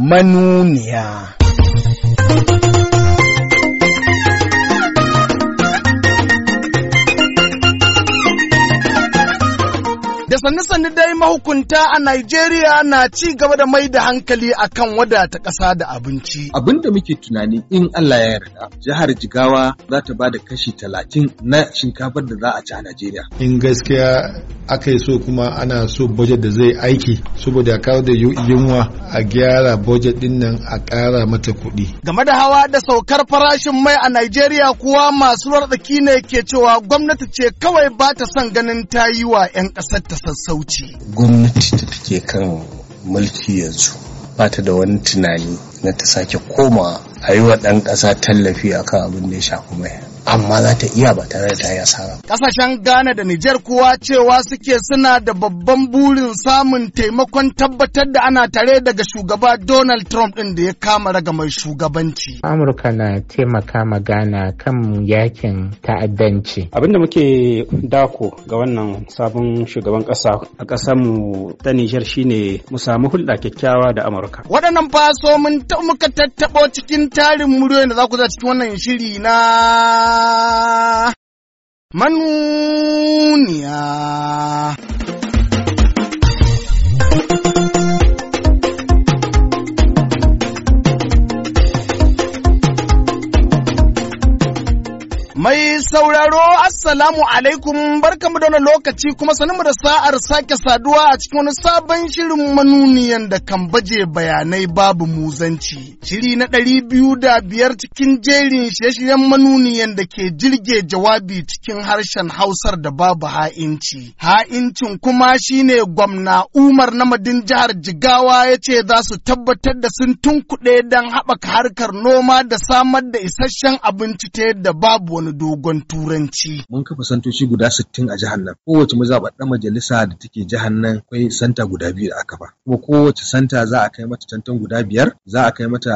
manuniya. Da sannu-sannu dai mahukunta a Najeriya na ci gaba da mai da hankali akan wadata ƙasa da abinci. Abin da muke tunani in Allah ya yarda, jihar Jigawa za ta ba da kashi talatin na shinkafar da za a ci a Najeriya. In gaskiya aka yi so kuma ana so budget da zai aiki saboda kawo da yunwa a gyara budget din nan a kara mata kuɗi. Game da hawa da saukar farashin mai a Najeriya kuwa masu rarraki ne ke cewa gwamnati ce kawai ba ta son ganin ta yi wa 'yan ƙasar ta sassauci. Gwamnati ta take kan mulki yanzu ba ta da wani tunani na ta sake koma a yi wa ɗan ƙasa tallafi akan abin da ya shafi mai. amma za ta iya ba tare da ta yi asara. Kasashen Ghana da Nijar kuwa cewa suke suna da babban burin samun taimakon tabbatar da ana tare daga shugaba Donald Trump ɗin da ya kama daga mai shugabanci. Amurka na taimaka ma Ghana kan yakin ta'addanci. Abinda muke dako ga wannan sabon shugaban ƙasa a ƙasarmu ta Nijar shine mu samu hulɗa kyakkyawa da Amurka. Waɗannan faso mun muka tattaɓo cikin tarin muryoyin da za ku za cikin wannan shiri na manuniya. Mai sauraro Assalamu alaikum barkamu da wannan lokaci kuma mu da sa'ar sake saduwa a cikin wani sabon shirin manuniyan da kan baje bayanai babu muzanci. Shiri na ɗari biyu da biyar cikin jerin shirye-shiryen manuniyan da ke jirge jawabi cikin harshen Hausar da babu ha'inci. Ha'incin kuma shine gwamna Umar Namadin jihar Jigawa ya ce za su tabbatar da sun tunkuɗe don haɓaka harkar noma da samar da isasshen abinci ta yadda babu wani na dogon turanci. Mun kafa santoci guda sittin a jihar nan. Kowace mazaɓaɗɗen majalisa da take jihar nan akwai santa guda biyu da aka ba. Kuma kowace santa za a kai mata tantan guda biyar, za a kai mata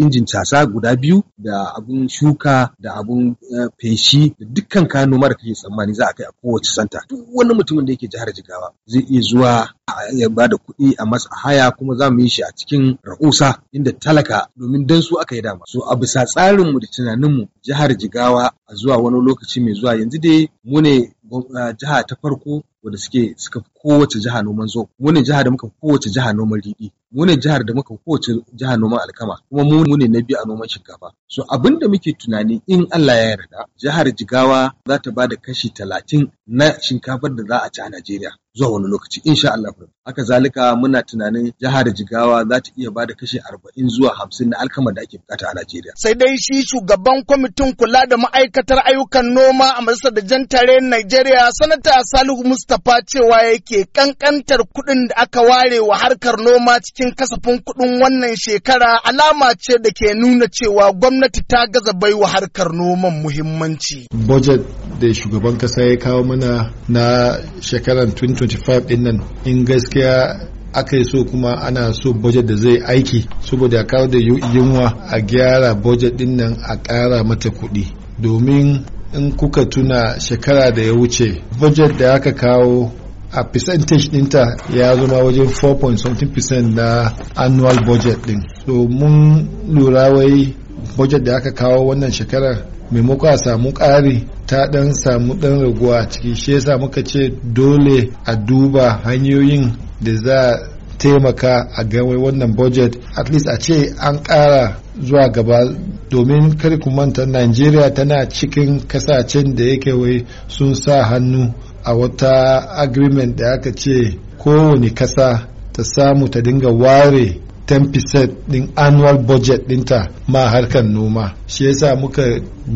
injin casa guda biyu da abun shuka da abun eh, feshi da dukkan kayan noma da kake tsammani za a kai a kowace santa. Duk wani mutumin da yake jihar Jigawa zai iya zuwa ya ba da kuɗi a masa haya kuma za mu yi shi a cikin rahusa inda talaka domin dan su aka yi dama. So a bisa tsarinmu da tunaninmu jihar Jigawa zuwa wani lokaci mai zuwa yanzu dai mu ne ah, jiha ta farko wadda suke suka fi kowace jiha noman zo mu ne jiha da muka fi kowace jiha noman riɗi mu ne jihar da muka fi kowace jiha noman alkama kuma mu ne na biyu a noman shinkafa so abin da muke tunani in Allah ya yarda jihar Jigawa za ta ba da kashi talatin na shinkafar da za a ci a Najeriya zuwa wani lokaci insha Allah Haka zalika muna tunanin jihar Jigawa za ta iya bada kashi arba'in zuwa hamsin na alkama da ake bukata a Najeriya. Sai dai shi shugaban kwamitin kula da ma'aikatar ayyukan noma a majalisar da tare Najeriya sanata Salihu Mustapha cewa yake kankantar kuɗin da aka ware wa harkar noma cikin kasafin kuɗin wannan shekara alama ce da ke nuna cewa gwamnati ta gaza baiwa harkar noman muhimmanci. Budget da shugaban kasa ya kawo mana na shekarar 2025 ɗin nan in gaskiya aka yi so kuma ana so budget da zai aiki saboda kawo da yunwa a gyara budget din nan a ƙara mata kuɗi domin in kuka tuna shekara da ya wuce budget da aka kawo a percentage dinta ya zama wajen 4.something na annual budget din so mun lura wai budget da aka kawo wannan shekarar maimako a samu ƙari ta ɗan samu ɗan raguwa a ciki shi yasa muka ce dole a duba hanyoyin da za taimaka a gawai wannan budget at least a ce an ƙara zuwa gaba domin kar ku manta Najeriya tana cikin kasashen da yake wai sun sa hannu a wata agreement da aka ce kowane kasa ta samu ta dinga ware 10% din annual budget dinta ma harkar noma shi yasa muka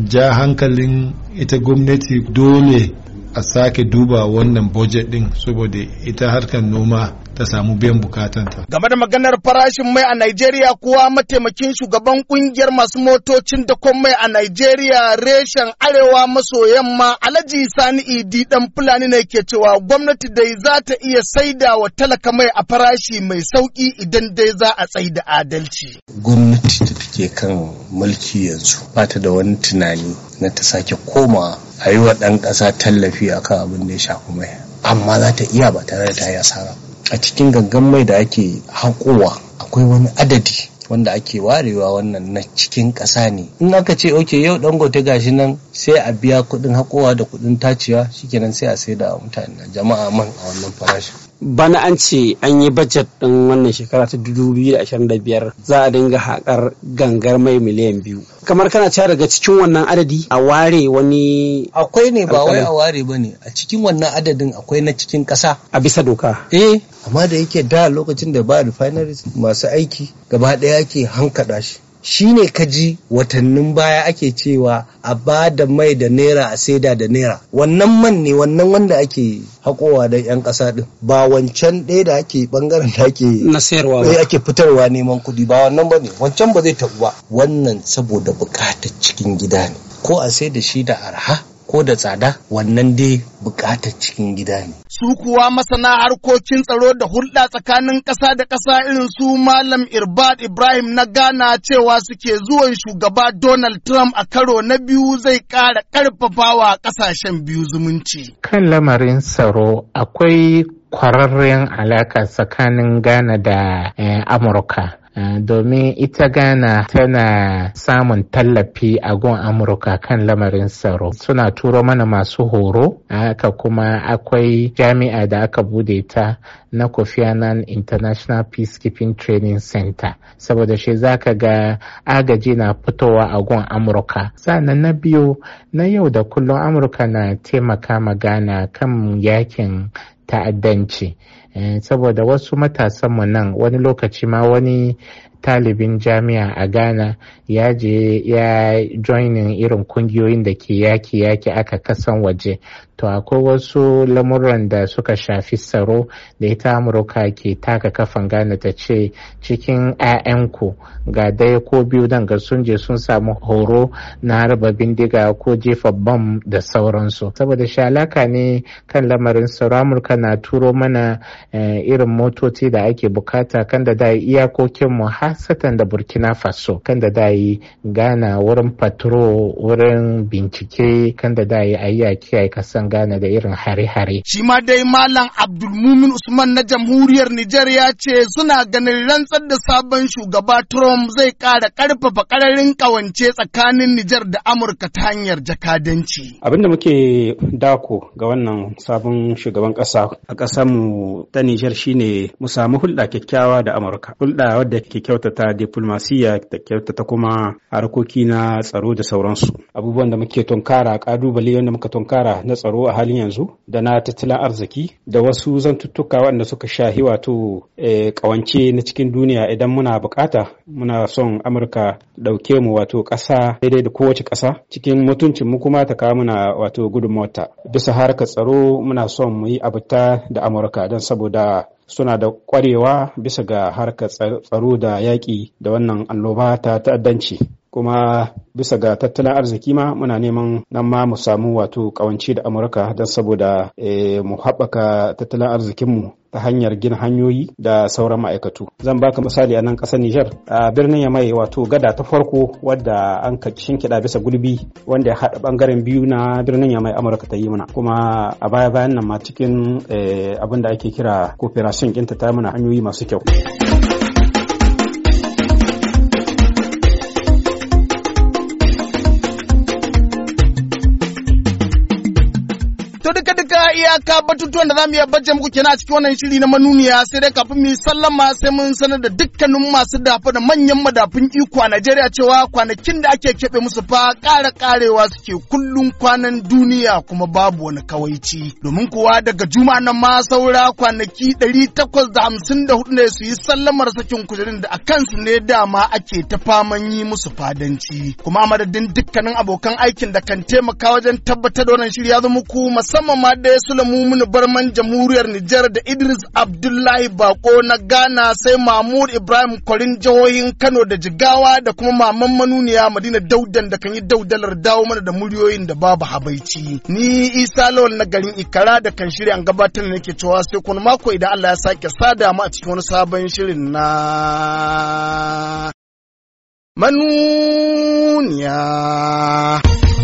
ja hankalin ita gwamnati dole a sake duba wannan budget din saboda ita harkar noma ta samu biyan bukatanta. Game da maganar farashin mai a Najeriya kuwa mataimakin shugaban kungiyar masu motocin da mai a Najeriya reshen arewa maso yamma Alhaji Sani Idi dan Fulani ne ke cewa gwamnati dai za ta iya saida wa talaka mai a farashi mai sauki idan dai za a tsaida adalci. Gwamnati ta take kan mulki yanzu ba ta da wani tunani na ta sake koma a yi wa ɗan ƙasa tallafi akan abin da ya shafi mai amma za ta iya ba tare da ta yi asara a cikin gangan mai da ake haƙowa akwai wani adadi wanda ake warewa wannan na cikin ƙasa ne in aka ce ok yau dangote gashi nan sai a biya kuɗin haƙowa da kuɗin tacewa shikenan sai a sai da mutane jama'a man a wannan farashin bana an ce an yi bajet ɗin wannan shekara ta 2025 za a dinga haƙar gangar mai miliyan biyu kamar kana cewa daga cikin wannan adadi a ware wani akwai ne ba wai a ware ba ne a cikin wannan adadin akwai na cikin ƙasa a bisa doka eh amma da yake da lokacin da ba refineries masu aiki gaba ɗaya ke hankada shi shine ka ji watannin baya ake cewa a ba da mai da naira a saida da naira wannan man ne wannan wanda ake hakowa da yan ƙasa din ba wancan ɗaya da ake bangaren da ake na ba eh, ake fitarwa neman kuɗi ba wannan ba ne wancan ba zai taɓu ba wannan saboda buƙatar cikin gida ne ko a sai da shi da arha ko da tsada wannan dai buƙatar cikin gida ne su kuwa masana harkokin tsaro da hulɗa tsakanin ƙasa da ƙasa irin su Malam Irbad Ibrahim na Ghana cewa suke zuwan shugaba Donald Trump a karo na biyu zai ƙara ƙarfafawa ƙasashen biyu zumunci. Kan lamarin tsaro akwai kwararren alaƙa tsakanin Ghana da eh, Amurka. Eh, domin ita Ghana tana samun tallafi a gun Amurka kan lamarin tsaro. Suna turo mana masu horo, aka kuma akwai jami'a da aka bude ta na Kofi Annan International Peacekeeping Training Center. Saboda shi za ka ga agaji na fitowa a gun Amurka. Sannan na biyu na yau da kullum Amurka na taimaka ma Ghana kan yakin ta'addanci. Eh, saboda wasu matasanmu nan wani lokaci ma wani talibin jami'a a ghana ya je ya joinin irin kungiyoyin da ke yaki yaki aka kasan waje to akwai wasu lamuran da suka shafi tsaro da ita amurka ke taka kafan ghana ta ce cikin 'ya'yanku ga daya ko biyu dan ga sun je sun samu horo na harba bindiga ko jefa bam da sauransu saboda shalaka ne kan lamarin tsaro amurka na turo mana Eh, irin motoci da ake bukata kan da dai iyakokin mu hasatan da burkina faso kan da dai gana wurin patro wurin bincike kan da dai a kiyaye kasan gana da irin hare-hare shi ma dai malam abdulmumin usman na jamhuriyar nijar ya ce suna ganin rantsar da sabon shugaba trump zai kara karfafa kararin kawance tsakanin nijar da amurka ta hanyar jakadanci abinda muke dako ga wannan sabon shugaban kasa a ƙasar mu ta Nijar shine mu samu hulɗa kyakkyawa da Amurka. Hulɗa wadda ke kyautata diplomasiya da kyautata kuma harkoki na tsaro da sauransu. Abubuwan da muke tunkara ƙalubale wanda muka tunkara na tsaro a halin yanzu da na tattalin arziki da wasu zantuttuka waɗanda suka shahi wato eh, ƙawance na cikin duniya idan muna buƙata muna son Amurka ɗauke mu wato ƙasa daidai da kowace ƙasa cikin mutuncin mu kuma ta kawo muna wato gudunmawata. Bisa harkar tsaro muna son mu yi abuta da Amurka don saboda suna da kwarewa bisa ga harkar tsaro da yaƙi da wannan annoba ta ta'addanci kuma bisa ga tattalin arziki ma muna neman nan ma mu samu wato kawanci da amurka don saboda eh, mu haɓaka tattalin arzikinmu ta hanyar gina hanyoyi da sauran ma'aikatu zan baka misali a nan ƙasar Nijar a birnin Yamai wato gada ta farko wadda an ka shinkiɗa bisa gulbi wanda ya haɗa ɓangaren biyu na birnin Yamai Amurka ta yi mana kuma a baya bayan nan ma cikin eh, abin da ake kira cooperation ɗinta ta mana hanyoyi masu kyau. iyaka batutuwan da za mu iya bajje muku kenan a cikin wannan shiri na manuniya sai dai kafin mu sallama sai mun sanar da dukkanin masu dafa da manyan madafin iko a Najeriya cewa kwanakin da ake keɓe musu fa ƙara ƙarewa suke kullum kwanan duniya kuma babu wani kawaici. Domin kuwa daga juma nan ma saura kwanaki ɗari takwas da hamsin da hudu ne su yi sallamar sakin kujerun da a kansu ne dama ake ta faman yi musu fadanci. Kuma madadin dukkanin abokan aikin da kan taimaka wajen tabbatar da wannan shiri ya zo muku musamman ma da Sulaimun Barman Jamhuriyar Nijar da Idris Abdullahi Bako na Ghana sai Mahmud Ibrahim Kwarin jihohin Kano da Jigawa da kuma Maman Manuniya Madina Daudan da kan yi daudalar dawo mana da muryoyin da babu habaici. Ni Isa Lawal na garin Ikara da kan shirya an gabatar da nake cewa sai kun mako idan Allah ya sake sada mu a cikin wani sabon shirin na manuniya.